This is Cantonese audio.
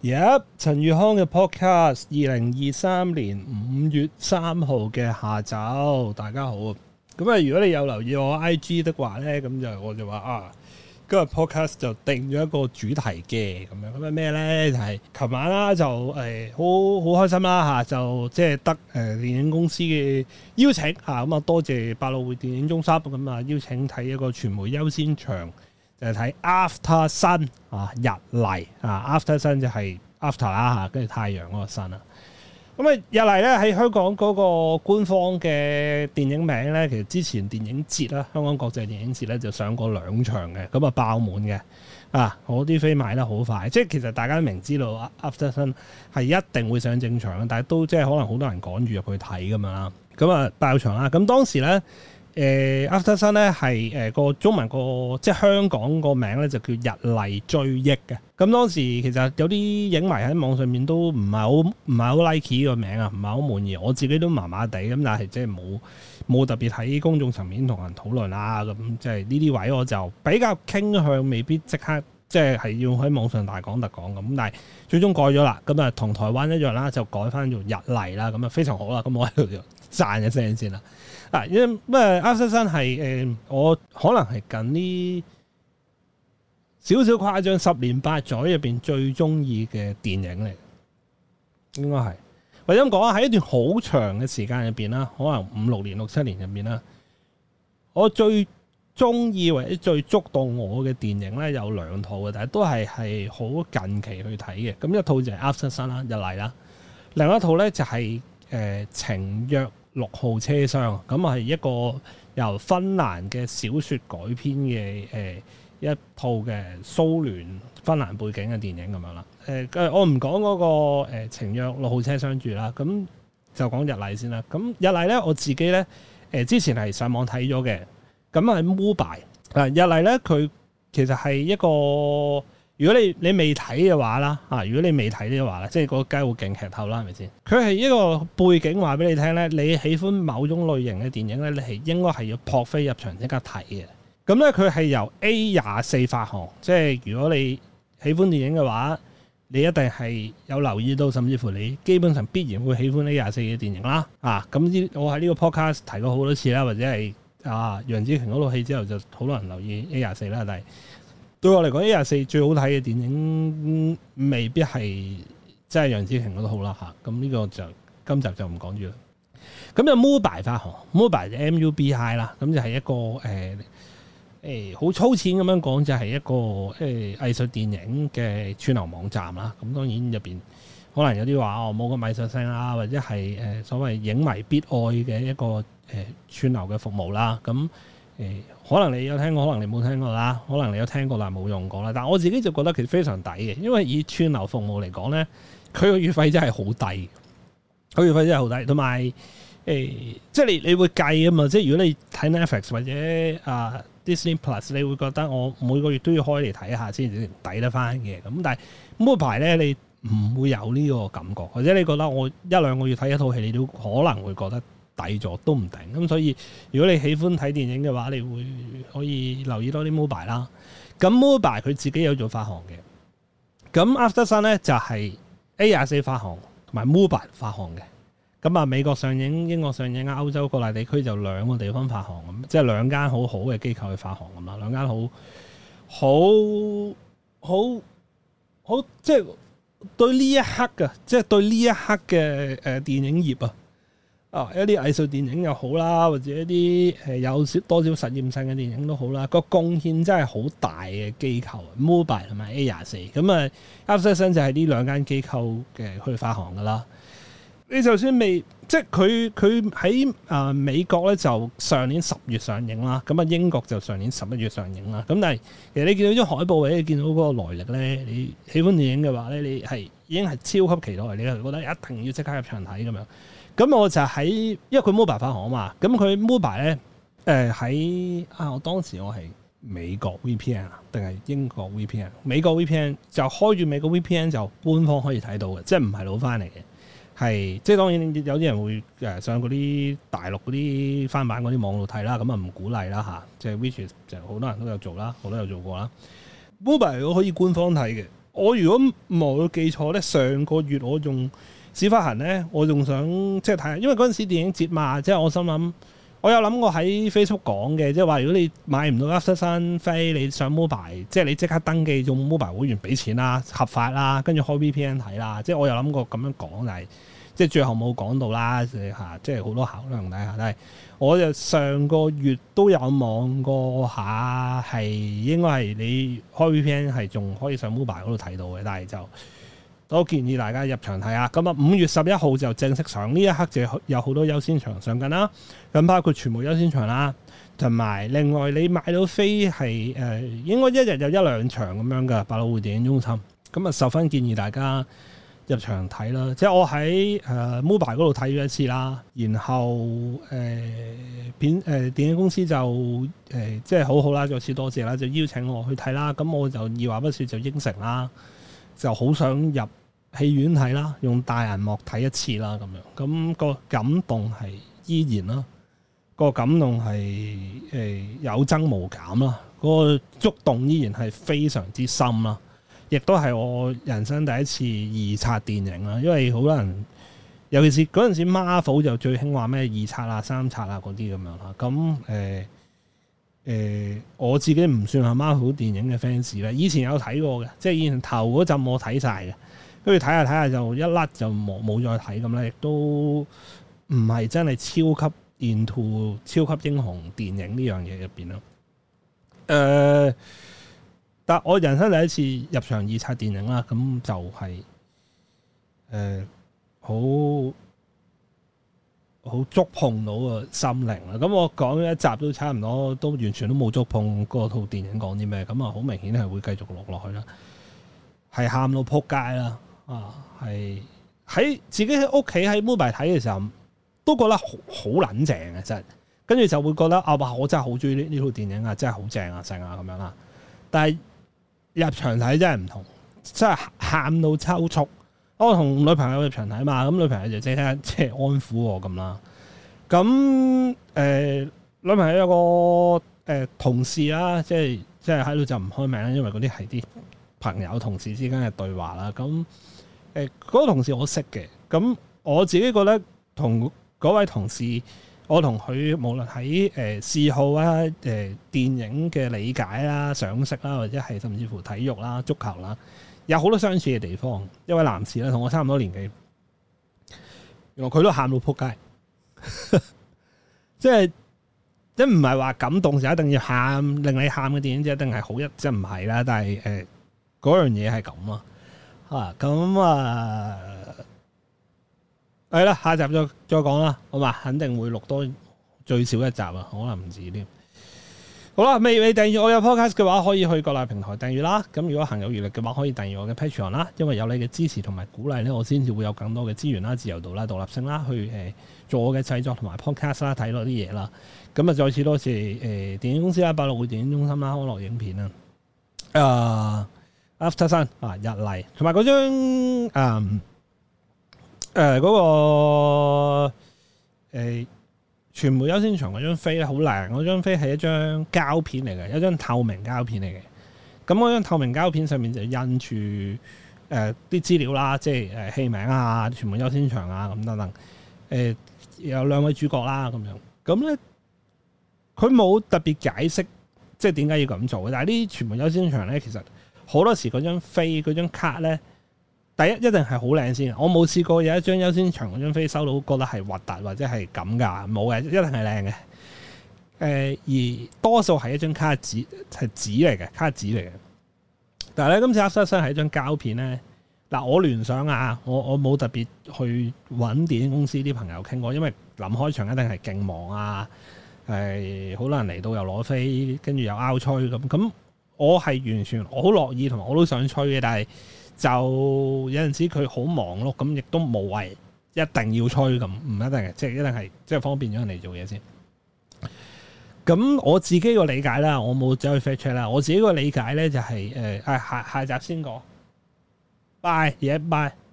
入、yep, 陳宇康嘅 podcast，二零二三年五月三號嘅下晝，大家好，咁啊，如果你有留意我 IG 的話呢，咁就我就話啊，今日 podcast 就定咗一個主題嘅咁樣，咁啊咩呢？係昨就係琴晚啦，就誒好好開心啦嚇，下就即係得誒電影公司嘅邀請，咁啊多謝百老匯電影中心咁啊邀請睇一個傳媒優先場。就係睇 After Sun 啊，日麗啊，After Sun 就係 After 啦嚇，跟住太陽嗰個 sun 啊。咁啊，日麗咧喺香港嗰個官方嘅電影名咧，其實之前電影節啦，香港國際電影節咧就上過兩場嘅，咁啊爆滿嘅啊，嗰啲飛賣得好快。即係其實大家都明知道 After Sun 係一定會上正場，但係都即係可能好多人趕住入去睇噉樣啦。咁啊爆場啊！咁當時咧。誒、呃、Aftersun 咧係誒個、呃、中文個即係香港個名咧就叫日麗追憶嘅。咁當時其實有啲影迷喺網上面都唔係好唔係好 like 呢個名啊，唔係好滿意。我自己都麻麻地咁，但係即係冇冇特別喺公眾層面同人討論啦。咁即係呢啲位置我就比較傾向未必即刻即係係要喺網上大講特講咁。但係最終改咗啦，咁啊同台灣一樣啦，就改翻做日麗啦，咁啊非常好啦。咁我喺度就讚一聲先啦。嗱、啊，因咩《Aftersun》係誒我可能係近呢少少誇張十年八載入邊最中意嘅電影嚟，應該係。或者咁講啊，喺一段好長嘅時間入邊啦，可能五六年、六七年入邊啦，我最中意或者最觸動我嘅電影咧有兩套嘅，但係都係係好近期去睇嘅。咁一套就係《Aftersun》啦，日麗啦。另一套咧就係、是、誒《情、呃、約》。六號車廂，咁係一個由芬蘭嘅小說改編嘅、呃、一套嘅蘇聯芬蘭背景嘅電影咁樣啦、呃，我唔講嗰個、呃、情約六號車廂住啦，咁就講日麗先啦。咁日麗咧，我自己咧、呃、之前係上網睇咗嘅，咁係 MUBI 日麗咧，佢其實係一個。如果你你未睇嘅話啦，啊！如果你未睇嘅話咧，即係個雞會勁劇透啦，係咪先？佢係一個背景話俾你聽咧。你喜歡某種類型嘅電影咧，你係應該係要撲飛入場即刻睇嘅。咁、嗯、咧，佢係由 A 廿四發行，即係如果你喜歡電影嘅話，你一定係有留意到，甚至乎你基本上必然會喜歡 A 廿四嘅電影啦。啊！咁、嗯、呢，我喺呢個 podcast 提過好多次啦，或者係啊楊紫瓊嗰套戲之後，就好多人留意 A 廿四啦，但係。對我嚟講，A24 最好睇嘅電影未必係即係楊紫瓊嗰套好啦吓，咁呢個就今集就唔講住啦。咁就 Mubi 發行 Mubi 就 M U B I 啦，咁就係一個、呃、誒誒好粗淺咁樣講，就係、是、一個誒、呃、藝術電影嘅串流網站啦。咁當然入邊可能有啲話我冇個藝術性啦，或者係誒、呃、所謂影迷必愛嘅一個誒、呃、串流嘅服務啦，咁。誒、欸，可能你有聽過，可能你冇聽過啦，可能你有聽過但冇用過啦。但係我自己就覺得其實非常抵嘅，因為以串流服務嚟講咧，佢個月費真係好低，佢月費真係好低。同埋誒，即係你你會計啊嘛，即係如果你睇 Netflix 或者啊、呃、Disney Plus，你會覺得我每個月都要開嚟睇下先至抵得翻嘅。咁但係咁排咧，你唔會有呢個感覺，或者你覺得我一兩個月睇一套戲，你都可能會覺得。低咗都唔定，咁所以如果你喜歡睇電影嘅話，你會可以留意多啲 Mubi 啦。咁 Mubi 佢自己有做發行嘅，咁 AfterSun 咧就係 A24 發行同埋 Mubi 發行嘅。咁啊，美國上映、英國上映、啱歐洲各大地區就兩個地方發行咁，即係兩間好好嘅機構去發行咁啦，兩間好好好好，即係、就是、對呢一刻嘅，即、就、係、是、對呢一刻嘅誒、呃、電影業啊。啊、哦！一啲藝術電影又好啦，或者一啲誒有少多少實驗性嘅電影都好啦，個貢獻真係好大嘅機構，Mubi 同埋 A 廿四，咁啊 Aftersun 就係呢兩間機構嘅去發行噶啦。你就算未即係佢佢喺啊美國咧，就上年十月上映啦，咁啊英國就上年十一月上映啦。咁但係其實你見到張海報咧，見到嗰個來歷咧，你喜歡電影嘅話咧，你係已經係超級期待，你係覺得一定要即刻入場睇咁樣。咁我就喺，因為佢 mobile 發行啊嘛，咁佢 mobile 咧，誒、呃、喺啊，我當時我係美國 VPN 啊，定係英國 VPN？美國 VPN 就開住美國 VPN 就官方可以睇到嘅，即係唔係攞翻嚟嘅，係即係當然有啲人會誒上嗰啲大陸嗰啲翻版嗰啲網度睇啦，咁啊唔鼓勵啦吓、啊，即係 w i c h a s 就好多人都有做啦，我都有做過啦。mobile 我可以官方睇嘅，我如果冇記錯咧，上個月我用。指發行咧，我仲想即係睇下，因為嗰陣時電影節嘛，即係我心諗，我有諗過喺 Facebook 講嘅，即係話如果你買唔到 Aftersun 飛，你上 mobile，即係你即刻登記用 mobile 會員俾錢啦，合法啦，跟住開 VPN 睇啦，即係我又諗過咁樣講，但係即係最後冇講到啦，即係好多考量底下。但係我就上個月都有望過下，係應該係你開 VPN 係仲可以上 mobile 嗰度睇到嘅，但係就。都建議大家入場睇下。咁啊五月十一號就正式上，呢一刻就有好多優先場上緊啦。咁包括全部優先場啦，同埋另外你買到飛係誒，應該一日有一兩場咁樣㗎，百老匯電影中心。咁啊，十分建議大家入場睇啦。即係我喺誒 mobile 嗰度睇咗一次啦，然後誒、呃、片誒、呃、電影公司就誒、呃、即係好好啦，再次多謝啦，就邀請我去睇啦。咁我就二話不說就應承啦，就好想入戲院睇啦，用大銀幕睇一次啦，咁樣咁個感動係依然啦，個感動係誒、呃、有增無減啦，嗰、個觸動依然係非常之深啦，亦都係我人生第一次二刷電影啦，因為好多人，尤其是嗰陣時 Marvel 就最興話咩二刷啊、三刷啊嗰啲咁樣啦，咁誒誒我自己唔算係 Marvel 電影嘅 fans 咧，以前有睇過嘅，即係以前頭嗰陣我睇晒嘅。跟住睇下睇下就一甩就冇冇再睇咁咧，亦都唔係真係超級 into 超級英雄電影呢樣嘢入邊咯。誒、呃，但我人生第一次入場二刷電影啦，咁就係誒好好觸碰到個心靈啦。咁我講咗一集都差唔多，都完全都冇觸碰嗰套電影講啲咩，咁啊好明顯係會繼續錄落去啦，係喊到撲街啦！啊，係喺自己喺屋企喺 move 埋睇嘅時候，都覺得好好冷靜嘅，真。跟住就會覺得啊，我真係好中意呢呢套電影啊，真係好正啊，成啊咁樣啦。但係入場睇真係唔同，真係喊到抽搐。我同女朋友入場睇嘛，咁女朋友就即係即係安撫我咁啦。咁誒、呃，女朋友有一個誒、呃、同事啦、啊，即係即係喺度就唔開名啦，因為嗰啲係啲朋友同事之間嘅對話啦，咁。誒、呃，嗰、那個同事我識嘅，咁我自己覺得同嗰位同事，我同佢無論喺誒嗜好啊、誒、呃、電影嘅理解啦、賞識啦，或者係甚至乎體育啦、足球啦，有好多相似嘅地方。一位男士啦，同我差唔多年紀，原來佢都喊到仆街，呵呵就是、即係即唔係話感動時一定要喊，令你喊嘅電影就一定係好一，即唔係啦。但係誒，嗰、呃、樣嘢係咁啊。啊，咁啊，係啦，下集再再講啦，好嘛？肯定會錄多最少一集啊，可能唔止添。好啦，未未訂閱我有 podcast 嘅話，可以去各大平台訂閱啦。咁如果行有餘力嘅話，可以訂閱我嘅 Patreon 啦。因為有你嘅支持同埋鼓勵咧，我先至會有更多嘅資源啦、自由度啦、獨立性啦，去誒、呃、做我嘅製作同埋 podcast 啦，睇落啲嘢啦。咁啊，再次多謝誒電影公司啦、百老匯電影中心啦、安樂影片啊，誒、呃。Aftersun 啊，日麗，同埋嗰張誒誒嗰個誒《傳媒優先場那張》嗰張飛咧，好靚！嗰張飛係一張膠片嚟嘅，一張透明膠片嚟嘅。咁嗰張透明膠片上面就印住誒啲資料啦，即係誒戲名啊，《傳媒優先場》啊，咁等等。誒、欸、有兩位主角啦，咁樣。咁咧佢冇特別解釋，即係點解要咁做嘅。但係呢《傳媒優先場》咧，其實。好多時嗰張飛嗰張卡咧，第一一定係好靚先。我冇試過有一張優先場嗰張飛，收到覺得係核突或者係咁噶，冇嘅，一定係靚嘅。誒，而多數係一張卡紙，係紙嚟嘅，卡紙嚟嘅。但係咧，今次 Aftersun 係一張膠片咧。嗱，我聯想啊，我我冇特別去揾電影公司啲朋友傾過，因為臨開場一定係勁忙啊，係好難嚟到又攞飛，跟住又 out 吹咁咁。我係完全我好樂意同埋我都想吹嘅，但係就有陣時佢好忙咯，咁亦都無謂一定要吹咁唔一定嘅，即係一定係即係方便咗人嚟做嘢先。咁我自己個理解啦，我冇走去 fetch check 啦。我自己個理解呢就係、是、誒，係、呃、下下集先講。Bye，而、yeah, 家 bye。